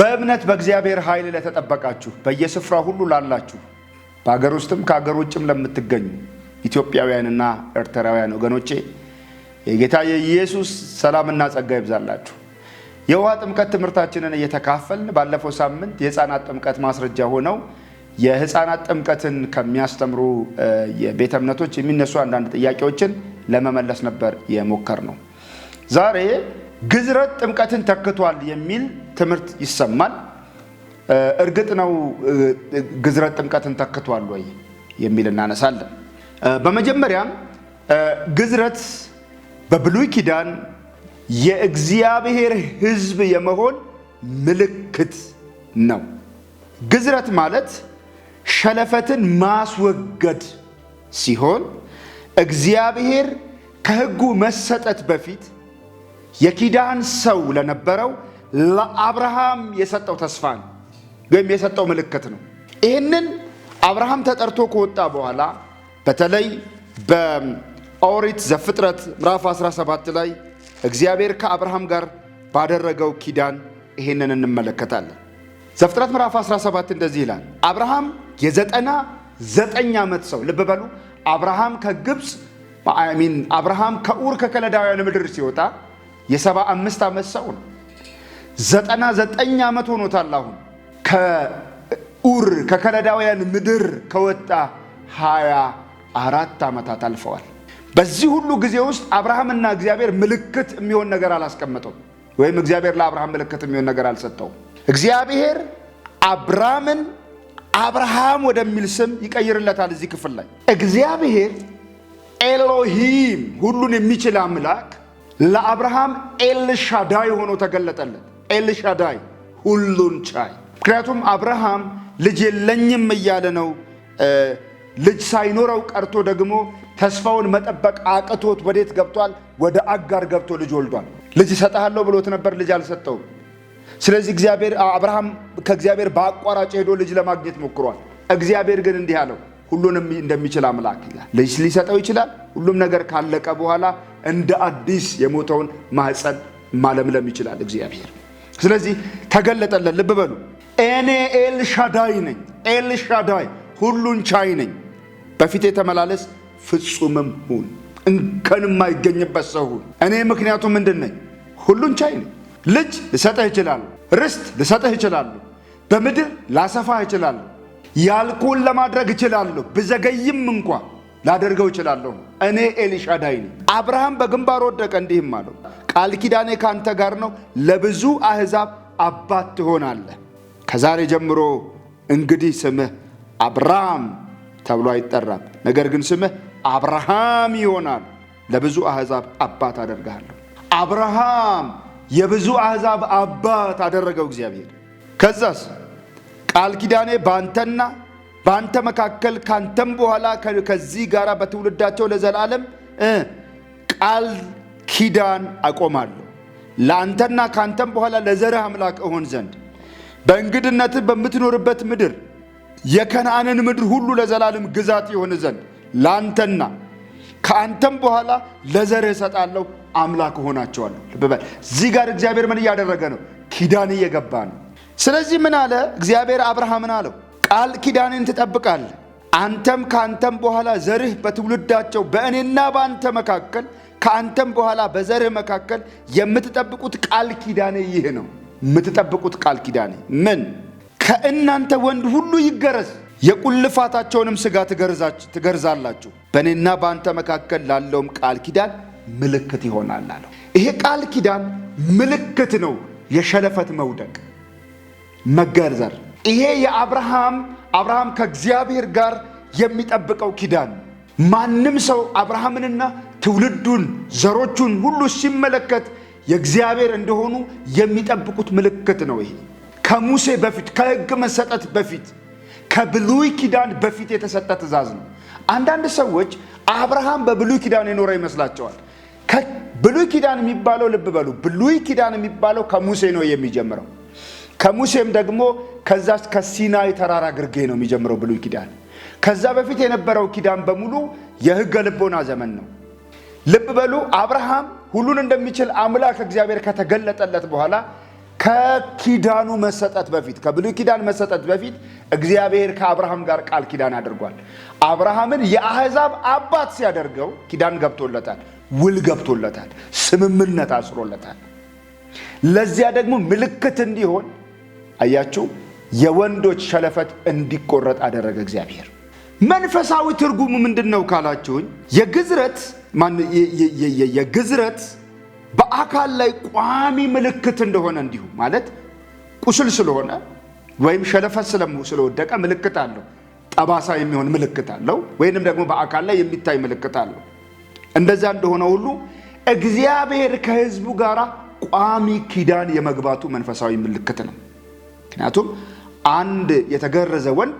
በእምነት በእግዚአብሔር ኃይል ለተጠበቃችሁ በየስፍራ ሁሉ ላላችሁ በአገር ውስጥም ከአገር ውጭም ለምትገኙ ኢትዮጵያውያንና ኤርትራውያን ወገኖቼ የጌታ የኢየሱስ ሰላምና ጸጋ ይብዛላችሁ። የውሃ ጥምቀት ትምህርታችንን እየተካፈልን ባለፈው ሳምንት የሕፃናት ጥምቀት ማስረጃ ሆነው የሕፃናት ጥምቀትን ከሚያስተምሩ የቤተ እምነቶች የሚነሱ አንዳንድ ጥያቄዎችን ለመመለስ ነበር የሞከር ነው። ዛሬ ግዝረት ጥምቀትን ተክቷል የሚል ትምህርት ይሰማል። እርግጥ ነው ግዝረት ጥምቀትን ተክቷል ወይ የሚል እናነሳለን። በመጀመሪያም ግዝረት በብሉይ ኪዳን የእግዚአብሔር ሕዝብ የመሆን ምልክት ነው። ግዝረት ማለት ሸለፈትን ማስወገድ ሲሆን እግዚአብሔር ከሕጉ መሰጠት በፊት የኪዳን ሰው ለነበረው ለአብርሃም የሰጠው ተስፋ ነው፣ ወይም የሰጠው ምልክት ነው። ይህንን አብርሃም ተጠርቶ ከወጣ በኋላ በተለይ በኦሪት ዘፍጥረት ምዕራፍ 17 ላይ እግዚአብሔር ከአብርሃም ጋር ባደረገው ኪዳን ይህንን እንመለከታለን። ዘፍጥረት ምዕራፍ 17 እንደዚህ ይላል። አብርሃም የዘጠና ዘጠኝ ዓመት ሰው ልብ በሉ። አብርሃም ከግብፅ አብርሃም ከኡር ከከለዳውያን ምድር ሲወጣ የሰባ አምስት ዓመት ሰው ነው። ዘጠና ዘጠኝ ዓመት ሆኖታል። አሁን ከኡር ከከለዳውያን ምድር ከወጣ ሀያ አራት ዓመታት አልፈዋል። በዚህ ሁሉ ጊዜ ውስጥ አብርሃምና እግዚአብሔር ምልክት የሚሆን ነገር አላስቀመጠው ወይም እግዚአብሔር ለአብርሃም ምልክት የሚሆን ነገር አልሰጠውም። እግዚአብሔር አብራምን አብርሃም ወደሚል ስም ይቀይርለታል። እዚህ ክፍል ላይ እግዚአብሔር ኤሎሂም ሁሉን የሚችል አምላክ ለአብርሃም ኤልሻዳይ ሆኖ ተገለጠለት። ኤልሻዳይ ሁሉን ቻይ። ምክንያቱም አብርሃም ልጅ የለኝም እያለ ነው። ልጅ ሳይኖረው ቀርቶ ደግሞ ተስፋውን መጠበቅ አቅቶት ወዴት ገብቷል? ወደ አጋር ገብቶ ልጅ ወልዷል። ልጅ እሰጥሃለሁ ብሎት ነበር፣ ልጅ አልሰጠውም። ስለዚህ እግዚአብሔር አብርሃም ከእግዚአብሔር በአቋራጭ ሄዶ ልጅ ለማግኘት ሞክሯል። እግዚአብሔር ግን እንዲህ አለው፣ ሁሉንም እንደሚችል አምላክ ይላል። ልጅ ሊሰጠው ይችላል። ሁሉም ነገር ካለቀ በኋላ እንደ አዲስ የሞተውን ማህፀን ማለምለም ይችላል እግዚአብሔር። ስለዚህ ተገለጠለን። ልብ በሉ እኔ ኤልሻዳይ ነኝ። ኤልሻዳይ ሁሉን ቻይ ነኝ። በፊቴ ተመላለስ ፍጹምም ሁን፣ እንከን የማይገኝበት ሰው ሁን። እኔ ምክንያቱም ምንድን ነኝ? ሁሉን ቻይ ነኝ። ልጅ ልሰጠህ ይችላሉ ርስት ልሰጠህ ይችላሉ በምድር ላሰፋህ ይችላሉ፣ ያልኩን ለማድረግ እችላለሁ ብዘገይም እንኳ ላደርገው እችላለሁ። እኔ ኤልሻዳይ ነኝ። አብርሃም በግንባር ወደቀ፣ እንዲህም አለው ቃል ኪዳኔ ካንተ ጋር ነው፣ ለብዙ አሕዛብ አባት ትሆናለህ። ከዛሬ ጀምሮ እንግዲህ ስምህ አብርሃም ተብሎ አይጠራም፣ ነገር ግን ስምህ አብርሃም ይሆናል። ለብዙ አሕዛብ አባት አደርግሃለሁ። አብርሃም የብዙ አሕዛብ አባት አደረገው እግዚአብሔር። ከዛስ ቃል ኪዳኔ በአንተና በአንተ መካከል ካንተም በኋላ ከዚህ ጋር በትውልዳቸው ለዘላለም ቃል ኪዳን አቆማለሁ ለአንተና ካንተም በኋላ ለዘርህ አምላክ እሆን ዘንድ በእንግድነት በምትኖርበት ምድር የከነአንን ምድር ሁሉ ለዘላለም ግዛት የሆነ ዘንድ ለአንተና ከአንተም በኋላ ለዘርህ እሰጣለሁ፣ አምላክ እሆናቸዋለሁ። ልብ በል። እዚህ ጋር እግዚአብሔር ምን እያደረገ ነው? ኪዳን እየገባ ነው። ስለዚህ ምን አለ እግዚአብሔር አብርሃምን አለው ቃል ኪዳኔን ትጠብቃለህ። አንተም ከአንተም በኋላ ዘርህ በትውልዳቸው በእኔና በአንተ መካከል ከአንተም በኋላ በዘርህ መካከል የምትጠብቁት ቃል ኪዳኔ ይህ ነው። የምትጠብቁት ቃል ኪዳኔ ምን? ከእናንተ ወንድ ሁሉ ይገረዝ፣ የቁልፋታቸውንም ሥጋ ትገርዛላችሁ። በእኔና በአንተ መካከል ላለውም ቃል ኪዳን ምልክት ይሆናል አለው። ይሄ ቃል ኪዳን ምልክት ነው። የሸለፈት መውደቅ መገርዘር ይሄ የአብርሃም አብርሃም ከእግዚአብሔር ጋር የሚጠብቀው ኪዳን ማንም ሰው አብርሃምንና ትውልዱን ዘሮቹን ሁሉ ሲመለከት የእግዚአብሔር እንደሆኑ የሚጠብቁት ምልክት ነው። ይሄ ከሙሴ በፊት ከሕግ መሰጠት በፊት ከብሉይ ኪዳን በፊት የተሰጠ ትእዛዝ ነው። አንዳንድ ሰዎች አብርሃም በብሉይ ኪዳን የኖረ ይመስላቸዋል። ብሉይ ኪዳን የሚባለው ልብ በሉ፣ ብሉይ ኪዳን የሚባለው ከሙሴ ነው የሚጀምረው ከሙሴም ደግሞ ከዛ ሲናይ ተራራ ግርጌ ነው የሚጀምረው ብሉይ ኪዳን። ከዛ በፊት የነበረው ኪዳን በሙሉ የሕገ ልቦና ዘመን ነው። ልብ በሉ፣ አብርሃም ሁሉን እንደሚችል አምላክ እግዚአብሔር ከተገለጠለት በኋላ ከኪዳኑ መሰጠት በፊት ከብሉይ ኪዳን መሰጠት በፊት እግዚአብሔር ከአብርሃም ጋር ቃል ኪዳን አድርጓል። አብርሃምን የአሕዛብ አባት ሲያደርገው ኪዳን ገብቶለታል፣ ውል ገብቶለታል፣ ስምምነት አስሮለታል። ለዚያ ደግሞ ምልክት እንዲሆን አያችሁ፣ የወንዶች ሸለፈት እንዲቆረጥ አደረገ እግዚአብሔር። መንፈሳዊ ትርጉሙ ምንድን ነው ካላችሁኝ፣ የግዝረት የግዝረት በአካል ላይ ቋሚ ምልክት እንደሆነ እንዲሁ ማለት ቁስል ስለሆነ ወይም ሸለፈት ስለወደቀ ምልክት አለው። ጠባሳ የሚሆን ምልክት አለው፣ ወይንም ደግሞ በአካል ላይ የሚታይ ምልክት አለው። እንደዛ እንደሆነ ሁሉ እግዚአብሔር ከህዝቡ ጋር ቋሚ ኪዳን የመግባቱ መንፈሳዊ ምልክት ነው። ምክንያቱም አንድ የተገረዘ ወንድ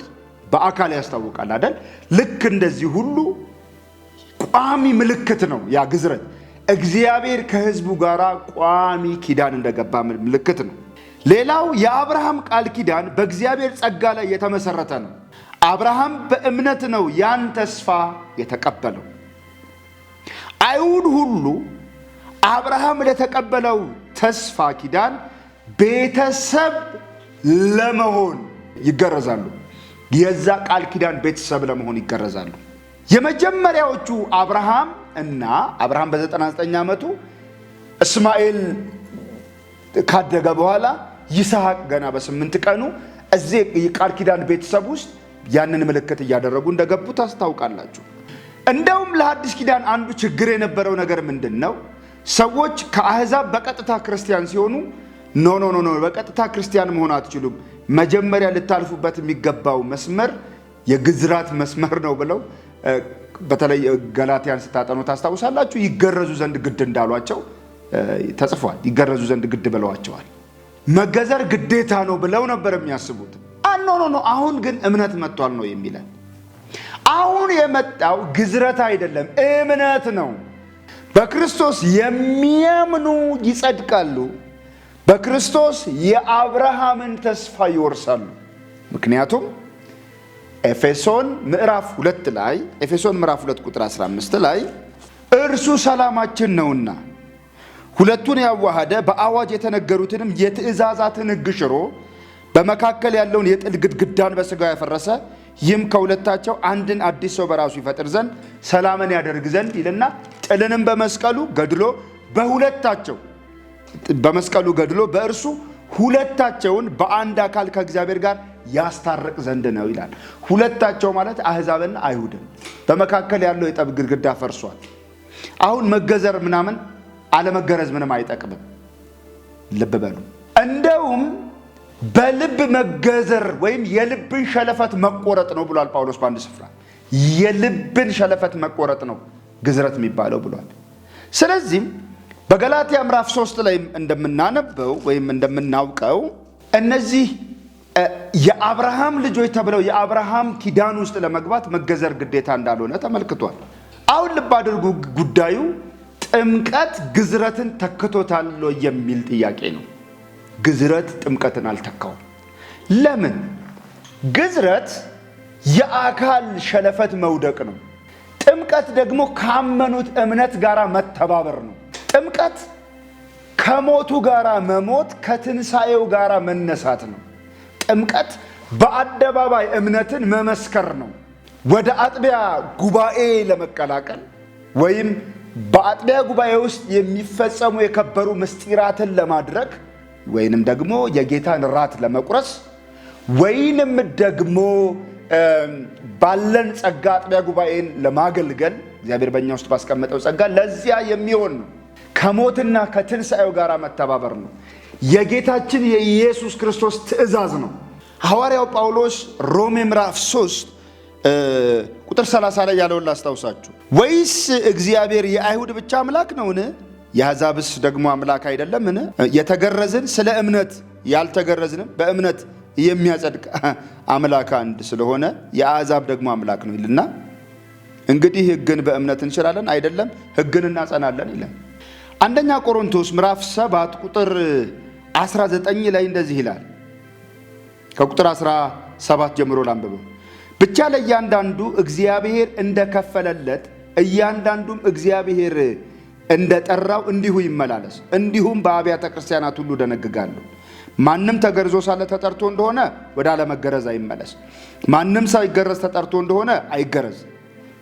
በአካል ያስታውቃል አይደል? ልክ እንደዚህ ሁሉ ቋሚ ምልክት ነው ያ ግዝረት። እግዚአብሔር ከህዝቡ ጋር ቋሚ ኪዳን እንደገባ ምልክት ነው። ሌላው የአብርሃም ቃል ኪዳን በእግዚአብሔር ጸጋ ላይ የተመሰረተ ነው። አብርሃም በእምነት ነው ያን ተስፋ የተቀበለው። አይሁድ ሁሉ አብርሃም ለተቀበለው ተስፋ ኪዳን ቤተሰብ ለመሆን ይገረዛሉ። የዛ ቃል ኪዳን ቤተሰብ ለመሆን ይገረዛሉ። የመጀመሪያዎቹ አብርሃም እና አብርሃም በ99 ዓመቱ እስማኤል ካደገ በኋላ ይስሐቅ ገና በስምንት ቀኑ እዚህ የቃል ኪዳን ቤተሰብ ውስጥ ያንን ምልክት እያደረጉ እንደገቡ ታስታውቃላችሁ። እንደውም ለአዲስ ኪዳን አንዱ ችግር የነበረው ነገር ምንድን ነው? ሰዎች ከአህዛብ በቀጥታ ክርስቲያን ሲሆኑ ኖ ኖ ኖ ኖ፣ በቀጥታ ክርስቲያን መሆን አትችሉም። መጀመሪያ ልታልፉበት የሚገባው መስመር የግዝራት መስመር ነው ብለው በተለይ ገላትያን ስታጠኑ ታስታውሳላችሁ። ይገረዙ ዘንድ ግድ እንዳሏቸው ተጽፏል። ይገረዙ ዘንድ ግድ ብለዋቸዋል። መገዘር ግዴታ ነው ብለው ነበር የሚያስቡት። አኖ ኖ ኖ፣ አሁን ግን እምነት መጥቷል ነው የሚለን። አሁን የመጣው ግዝረት አይደለም፣ እምነት ነው። በክርስቶስ የሚያምኑ ይጸድቃሉ በክርስቶስ የአብርሃምን ተስፋ ይወርሳሉ። ምክንያቱም ኤፌሶን ምዕራፍ 2 ላይ ኤፌሶን ምዕራፍ 2 ቁጥር 15 ላይ እርሱ ሰላማችን ነውና ሁለቱን ያዋሃደ በአዋጅ የተነገሩትንም የትእዛዛትን ሕግ ሽሮ በመካከል ያለውን የጥል ግድግዳን በሥጋው ያፈረሰ ይህም ከሁለታቸው አንድን አዲስ ሰው በራሱ ይፈጥር ዘንድ ሰላምን ያደርግ ዘንድ ይልና ጥልንም በመስቀሉ ገድሎ በሁለታቸው በመስቀሉ ገድሎ በእርሱ ሁለታቸውን በአንድ አካል ከእግዚአብሔር ጋር ያስታርቅ ዘንድ ነው ይላል። ሁለታቸው ማለት አህዛብና አይሁድን በመካከል ያለው የጠብ ግድግዳ ፈርሷል። አሁን መገዘር ምናምን አለመገረዝ ምንም አይጠቅምም። ልብ በሉ። እንደውም በልብ መገዘር ወይም የልብን ሸለፈት መቆረጥ ነው ብሏል ጳውሎስ በአንድ ስፍራ። የልብን ሸለፈት መቆረጥ ነው ግዝረት የሚባለው ብሏል። ስለዚህም በገላትያ ምዕራፍ ሶስት ላይ እንደምናነበው ወይም እንደምናውቀው እነዚህ የአብርሃም ልጆች ተብለው የአብርሃም ኪዳን ውስጥ ለመግባት መገዘር ግዴታ እንዳልሆነ ተመልክቷል። አሁን ልብ አድርጉ፣ ጉዳዩ ጥምቀት ግዝረትን ተክቶታል የሚል ጥያቄ ነው። ግዝረት ጥምቀትን አልተካውም። ለምን? ግዝረት የአካል ሸለፈት መውደቅ ነው። ጥምቀት ደግሞ ካመኑት እምነት ጋር መተባበር ነው። ጥምቀት ከሞቱ ጋራ መሞት ከትንሣኤው ጋራ መነሳት ነው። ጥምቀት በአደባባይ እምነትን መመስከር ነው። ወደ አጥቢያ ጉባኤ ለመቀላቀል ወይም በአጥቢያ ጉባኤ ውስጥ የሚፈጸሙ የከበሩ ምስጢራትን ለማድረግ ወይንም ደግሞ የጌታን ራት ለመቁረስ ወይንም ደግሞ ባለን ጸጋ አጥቢያ ጉባኤን ለማገልገል እግዚአብሔር በእኛ ውስጥ ባስቀመጠው ጸጋ ለዚያ የሚሆን ነው። ከሞትና ከትንሣኤው ጋር መተባበር ነው። የጌታችን የኢየሱስ ክርስቶስ ትእዛዝ ነው። ሐዋርያው ጳውሎስ ሮሜ ምዕራፍ 3 ቁጥር 30 ላይ ያለውን ላስታውሳችሁ። ወይስ እግዚአብሔር የአይሁድ ብቻ አምላክ ነውን? የአሕዛብስ ደግሞ አምላክ አይደለምን? የተገረዝን ስለ እምነት ያልተገረዝንም በእምነት የሚያጸድቅ አምላክ አንድ ስለሆነ የአሕዛብ ደግሞ አምላክ ነው ይልና እንግዲህ ሕግን በእምነት እንችላለን አይደለም? ሕግን እናጸናለን ይለን አንደኛ ቆሮንቶስ ምዕራፍ 7 ቁጥር 19 ላይ እንደዚህ ይላል። ከቁጥር 17 ጀምሮ ላንብበው። ብቻ ለእያንዳንዱ እግዚአብሔር እንደከፈለለት እያንዳንዱም እግዚአብሔር እንደጠራው እንዲሁ ይመላለስ። እንዲሁም በአብያተ ክርስቲያናት ሁሉ ደነግጋለሁ ማንም ተገርዞ ሳለ ተጠርቶ እንደሆነ ወደ አለመገረዝ አይመለስ። ማንም ሳይገረዝ ተጠርቶ እንደሆነ አይገረዝ።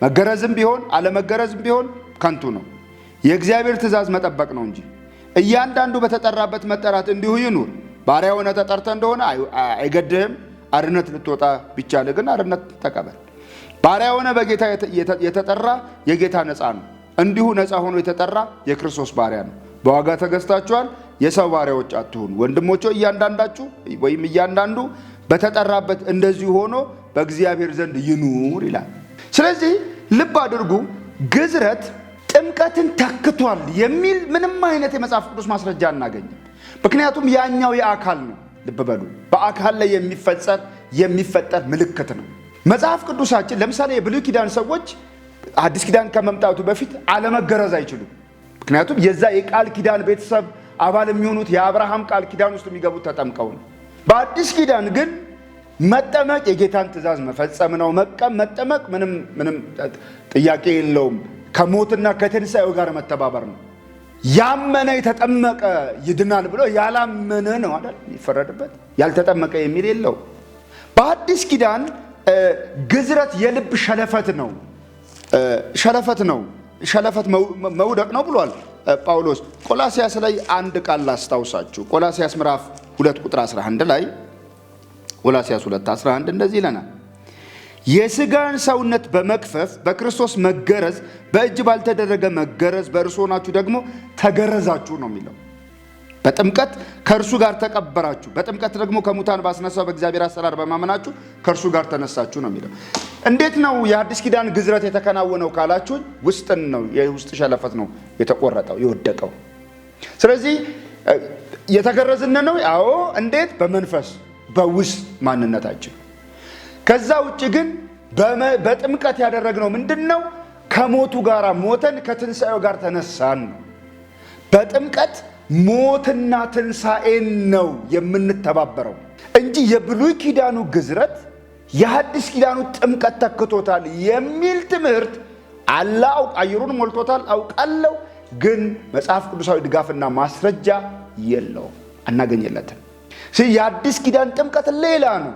መገረዝም ቢሆን አለመገረዝም ቢሆን ከንቱ ነው። የእግዚአብሔር ትእዛዝ መጠበቅ ነው እንጂ እያንዳንዱ በተጠራበት መጠራት እንዲሁ ይኑር። ባሪያ ሆነ ተጠርተ እንደሆነ አይገድህም። አርነት ልትወጣ ቢቻል ግን አርነት ተቀበል። ባሪያ ሆነ በጌታ የተጠራ የጌታ ነፃ ነው። እንዲሁ ነፃ ሆኖ የተጠራ የክርስቶስ ባሪያ ነው። በዋጋ ተገዝታችኋል፣ የሰው ባሪያዎች አትሁኑ። ወንድሞች እያንዳንዳችሁ ወይም እያንዳንዱ በተጠራበት እንደዚሁ ሆኖ በእግዚአብሔር ዘንድ ይኑር ይላል። ስለዚህ ልብ አድርጉ ግዝረት ጥምቀትን ተክቷል የሚል ምንም አይነት የመጽሐፍ ቅዱስ ማስረጃ አናገኝም። ምክንያቱም ያኛው የአካል ነው። ልብ በሉ፣ በአካል ላይ የሚፈጸር የሚፈጠር ምልክት ነው። መጽሐፍ ቅዱሳችን ለምሳሌ የብሉይ ኪዳን ሰዎች አዲስ ኪዳን ከመምጣቱ በፊት አለመገረዝ አይችሉም። ምክንያቱም የዛ የቃል ኪዳን ቤተሰብ አባል የሚሆኑት የአብርሃም ቃል ኪዳን ውስጥ የሚገቡት ተጠምቀው ነው። በአዲስ ኪዳን ግን መጠመቅ የጌታን ትእዛዝ መፈጸም ነው። መጠመቅ ምንም ምንም ጥያቄ የለውም። ከሞትና ከትንሣኤው ጋር መተባበር ነው። ያመነ የተጠመቀ ይድናል ብሎ ያላመነ ነው አይደል የሚፈረድበት። ያልተጠመቀ የሚል የለው። በአዲስ ኪዳን ግዝረት የልብ ሸለፈት ነው፣ ሸለፈት ነው፣ ሸለፈት መውደቅ ነው ብሏል ጳውሎስ። ቆላሲያስ ላይ አንድ ቃል ላስታውሳችሁ። ቆላሲያስ ምዕራፍ 2 ቁጥር 11 ላይ ቆላሲያስ 2 11 እንደዚህ ይለናል የስጋን ሰውነት በመክፈፍ በክርስቶስ መገረዝ በእጅ ባልተደረገ መገረዝ በእርሱ ሆናችሁ ደግሞ ተገረዛችሁ ነው የሚለው። በጥምቀት ከእርሱ ጋር ተቀበራችሁ፣ በጥምቀት ደግሞ ከሙታን ባስነሳው በእግዚአብሔር አሰራር በማመናችሁ ከእርሱ ጋር ተነሳችሁ ነው የሚለው። እንዴት ነው የአዲስ ኪዳን ግዝረት የተከናወነው ካላችሁኝ፣ ውስጥን ነው የውስጥ ሸለፈት ነው የተቆረጠው የወደቀው። ስለዚህ የተገረዝን ነው። አዎ። እንዴት? በመንፈስ በውስጥ ማንነታችን ከዛ ውጭ ግን በጥምቀት ያደረግነው ምንድን ነው? ከሞቱ ጋር ሞተን ከትንሣኤው ጋር ተነሳን። በጥምቀት ሞትና ትንሣኤን ነው የምንተባበረው እንጂ የብሉይ ኪዳኑ ግዝረት የሐዲስ ኪዳኑ ጥምቀት ተክቶታል የሚል ትምህርት አለ። አየሩን ሞልቶታል አውቃለሁ፣ ግን መጽሐፍ ቅዱሳዊ ድጋፍና ማስረጃ የለውም፣ አናገኘለትም። የአዲስ ኪዳን ጥምቀት ሌላ ነው።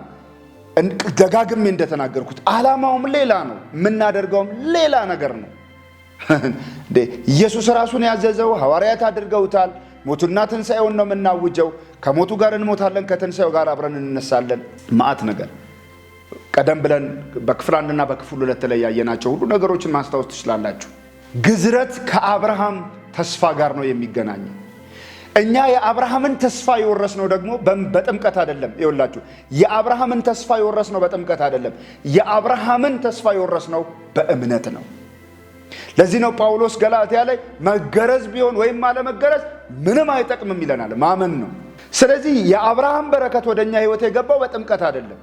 ደጋግሜ እንደተናገርኩት ዓላማውም ሌላ ነው፣ የምናደርገውም ሌላ ነገር ነው። ኢየሱስ ራሱን ያዘዘው ሐዋርያት አድርገውታል። ሞቱና ትንሣኤውን ነው የምናውጀው። ከሞቱ ጋር እንሞታለን፣ ከትንሣኤው ጋር አብረን እንነሳለን። ማአት ነገር ቀደም ብለን በክፍል አንድና በክፍል ሁለት ላይ ያየናቸው ሁሉ ነገሮችን ማስታወስ ትችላላችሁ። ግዝረት ከአብርሃም ተስፋ ጋር ነው የሚገናኘው። እኛ የአብርሃምን ተስፋ የወረስነው ደግሞ በጥምቀት አይደለም። ይኸውላችሁ የአብርሃምን ተስፋ የወረስነው በጥምቀት አይደለም። የአብርሃምን ተስፋ የወረስነው በእምነት ነው። ለዚህ ነው ጳውሎስ ገላትያ ላይ መገረዝ ቢሆን ወይም አለመገረዝ ምንም አይጠቅምም ይለናል። ማመን ነው። ስለዚህ የአብርሃም በረከት ወደ እኛ ህይወት የገባው በጥምቀት አይደለም።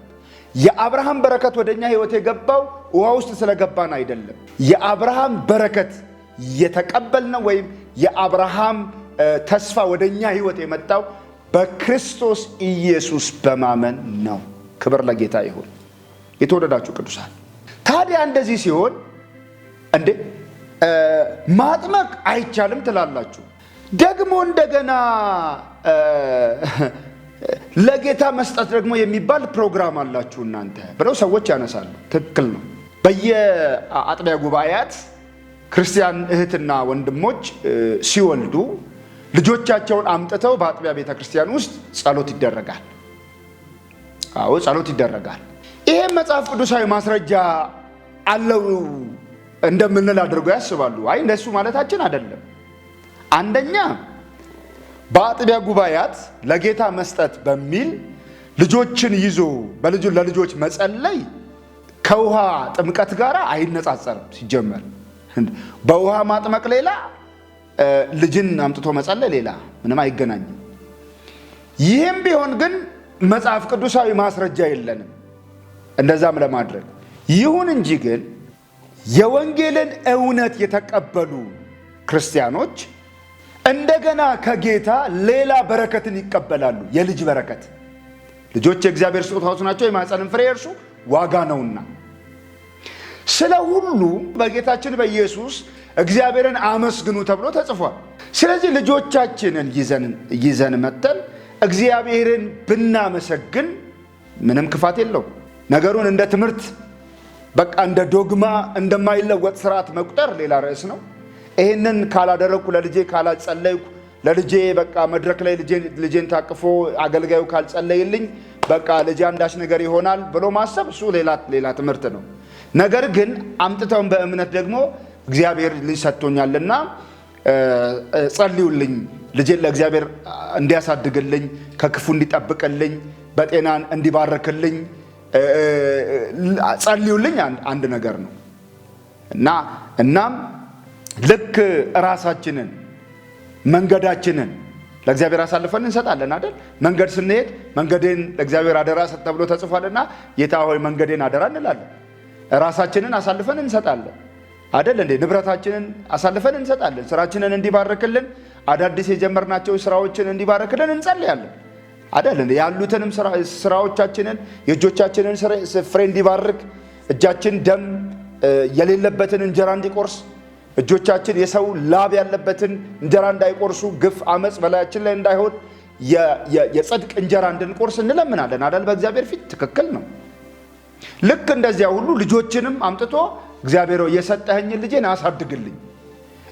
የአብርሃም በረከት ወደ እኛ ህይወት የገባው ውሃ ውስጥ ስለገባን አይደለም። የአብርሃም በረከት የተቀበልነው ወይም የአብርሃም ተስፋ ወደ እኛ ህይወት የመጣው በክርስቶስ ኢየሱስ በማመን ነው። ክብር ለጌታ ይሁን። የተወደዳችሁ ቅዱሳን፣ ታዲያ እንደዚህ ሲሆን እንዴ ማጥመቅ አይቻልም ትላላችሁ። ደግሞ እንደገና ለጌታ መስጠት ደግሞ የሚባል ፕሮግራም አላችሁ እናንተ ብለው ሰዎች ያነሳሉ። ትክክል ነው። በየአጥቢያ ጉባኤያት ክርስቲያን እህትና ወንድሞች ሲወልዱ ልጆቻቸውን አምጥተው በአጥቢያ ቤተ ክርስቲያን ውስጥ ጸሎት ይደረጋል። አዎ ጸሎት ይደረጋል። ይሄም መጽሐፍ ቅዱሳዊ ማስረጃ አለው እንደምንል አድርገው ያስባሉ። አይ እንደሱ ማለታችን አይደለም። አንደኛ በአጥቢያ ጉባኤያት ለጌታ መስጠት በሚል ልጆችን ይዞ ለልጆች መጸለይ ከውሃ ጥምቀት ጋር አይነጻጸርም። ሲጀመር በውሃ ማጥመቅ ሌላ ልጅን አምጥቶ መጸለ ሌላ ምንም አይገናኝም። ይህም ቢሆን ግን መጽሐፍ ቅዱሳዊ ማስረጃ የለንም እንደዛም ለማድረግ ይሁን እንጂ ግን የወንጌልን እውነት የተቀበሉ ክርስቲያኖች እንደገና ከጌታ ሌላ በረከትን ይቀበላሉ። የልጅ በረከት ልጆች የእግዚአብሔር ስጦታዎች ናቸው፣ የማኅፀንም ፍሬ እርሱ ዋጋ ነውና ስለ ሁሉ በጌታችን በኢየሱስ እግዚአብሔርን አመስግኑ ተብሎ ተጽፏል። ስለዚህ ልጆቻችንን ይዘን መጠን እግዚአብሔርን ብናመሰግን ምንም ክፋት የለው ነገሩን እንደ ትምህርት በቃ እንደ ዶግማ እንደማይለወጥ ስርዓት መቁጠር ሌላ ርዕስ ነው። ይህንን ካላደረግኩ ለልጄ ካላጸለይኩ ለልጄ በቃ መድረክ ላይ ልጄን ታቅፎ አገልጋዩ ካልጸለይልኝ በቃ ልጄ አንዳች ነገር ይሆናል ብሎ ማሰብ እሱ ሌላ ትምህርት ነው። ነገር ግን አምጥተውን በእምነት ደግሞ እግዚአብሔር ልጅ ሰጥቶኛልና ጸልዩልኝ፣ ልጄን ለእግዚአብሔር እንዲያሳድግልኝ፣ ከክፉ እንዲጠብቅልኝ፣ በጤናን እንዲባርክልኝ ጸልዩልኝ አንድ ነገር ነው እና እናም ልክ ራሳችንን መንገዳችንን ለእግዚአብሔር አሳልፈን እንሰጣለን አይደል? መንገድ ስንሄድ መንገዴን ለእግዚአብሔር አደራ ተብሎ ተጽፏልና ጌታ ሆይ መንገዴን አደራ እንላለን። ራሳችንን አሳልፈን እንሰጣለን። አደል እንዴ? ንብረታችንን አሳልፈን እንሰጣለን። ስራችንን እንዲባርክልን፣ አዳዲስ የጀመርናቸው ስራዎችን እንዲባርክልን እንጸልያለን። አደለ እንዴ? ያሉትንም ስራዎቻችንን የእጆቻችንን ፍሬ እንዲባርክ፣ እጃችን ደም የሌለበትን እንጀራ እንዲቆርስ፣ እጆቻችን የሰው ላብ ያለበትን እንጀራ እንዳይቆርሱ፣ ግፍ፣ አመፅ በላያችን ላይ እንዳይሆን የጽድቅ እንጀራ እንድንቆርስ እንለምናለን። አዳል በእግዚአብሔር ፊት ትክክል ነው። ልክ እንደዚያ ሁሉ ልጆችንም አምጥቶ እግዚአብሔር የሰጠኸኝን ልጄን አሳድግልኝ፣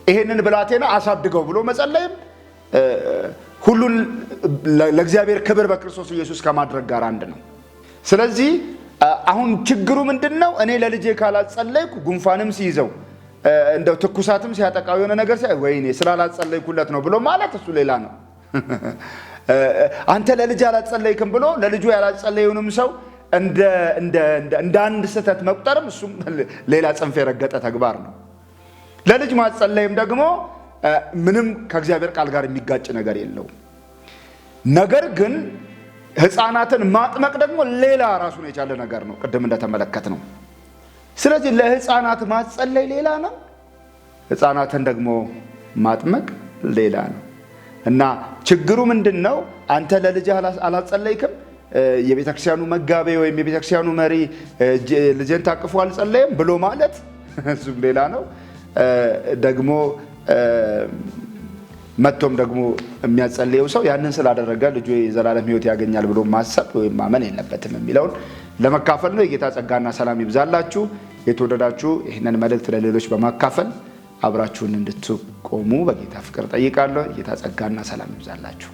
ይሄንን ብላቴና አሳድገው ብሎ መጸለይም ሁሉን ለእግዚአብሔር ክብር በክርስቶስ ኢየሱስ ከማድረግ ጋር አንድ ነው። ስለዚህ አሁን ችግሩ ምንድን ነው? እኔ ለልጄ ካላጸለይኩ ጉንፋንም ሲይዘው እንደው ትኩሳትም ሲያጠቃው የሆነ ነገር ሲያ ወይኔ ስላላጸለይኩለት ነው ብሎ ማለት እሱ ሌላ ነው። አንተ ለልጅ አላጸለይክም ብሎ ለልጁ ያላጸለየውንም ሰው እንደ አንድ ስህተት መቁጠርም እሱም ሌላ ጽንፍ የረገጠ ተግባር ነው። ለልጅ ማጸለይም ደግሞ ምንም ከእግዚአብሔር ቃል ጋር የሚጋጭ ነገር የለውም። ነገር ግን ሕፃናትን ማጥመቅ ደግሞ ሌላ ራሱን የቻለ ነገር ነው፣ ቅድም እንደተመለከት ነው። ስለዚህ ለሕፃናት ማጸለይ ሌላ ነው፣ ሕፃናትን ደግሞ ማጥመቅ ሌላ ነው እና ችግሩ ምንድን ነው? አንተ ለልጅህ አላጸለይክም የቤተክርስቲያኑ መጋቤ ወይም የቤተክርስቲያኑ መሪ ልጄን ታቅፎ አልጸለየም ብሎ ማለት እሱም ሌላ ነው። ደግሞ መጥቶም ደግሞ የሚያጸልየው ሰው ያንን ስላደረገ ልጁ የዘላለም ሕይወት ያገኛል ብሎ ማሰብ ወይም ማመን የለበትም የሚለውን ለመካፈል ነው። የጌታ ጸጋና ሰላም ይብዛላችሁ። የተወደዳችሁ ይህንን መልእክት ለሌሎች በማካፈል አብራችሁን እንድትቆሙ በጌታ ፍቅር ጠይቃለሁ። የጌታ ጸጋና ሰላም ይብዛላችሁ።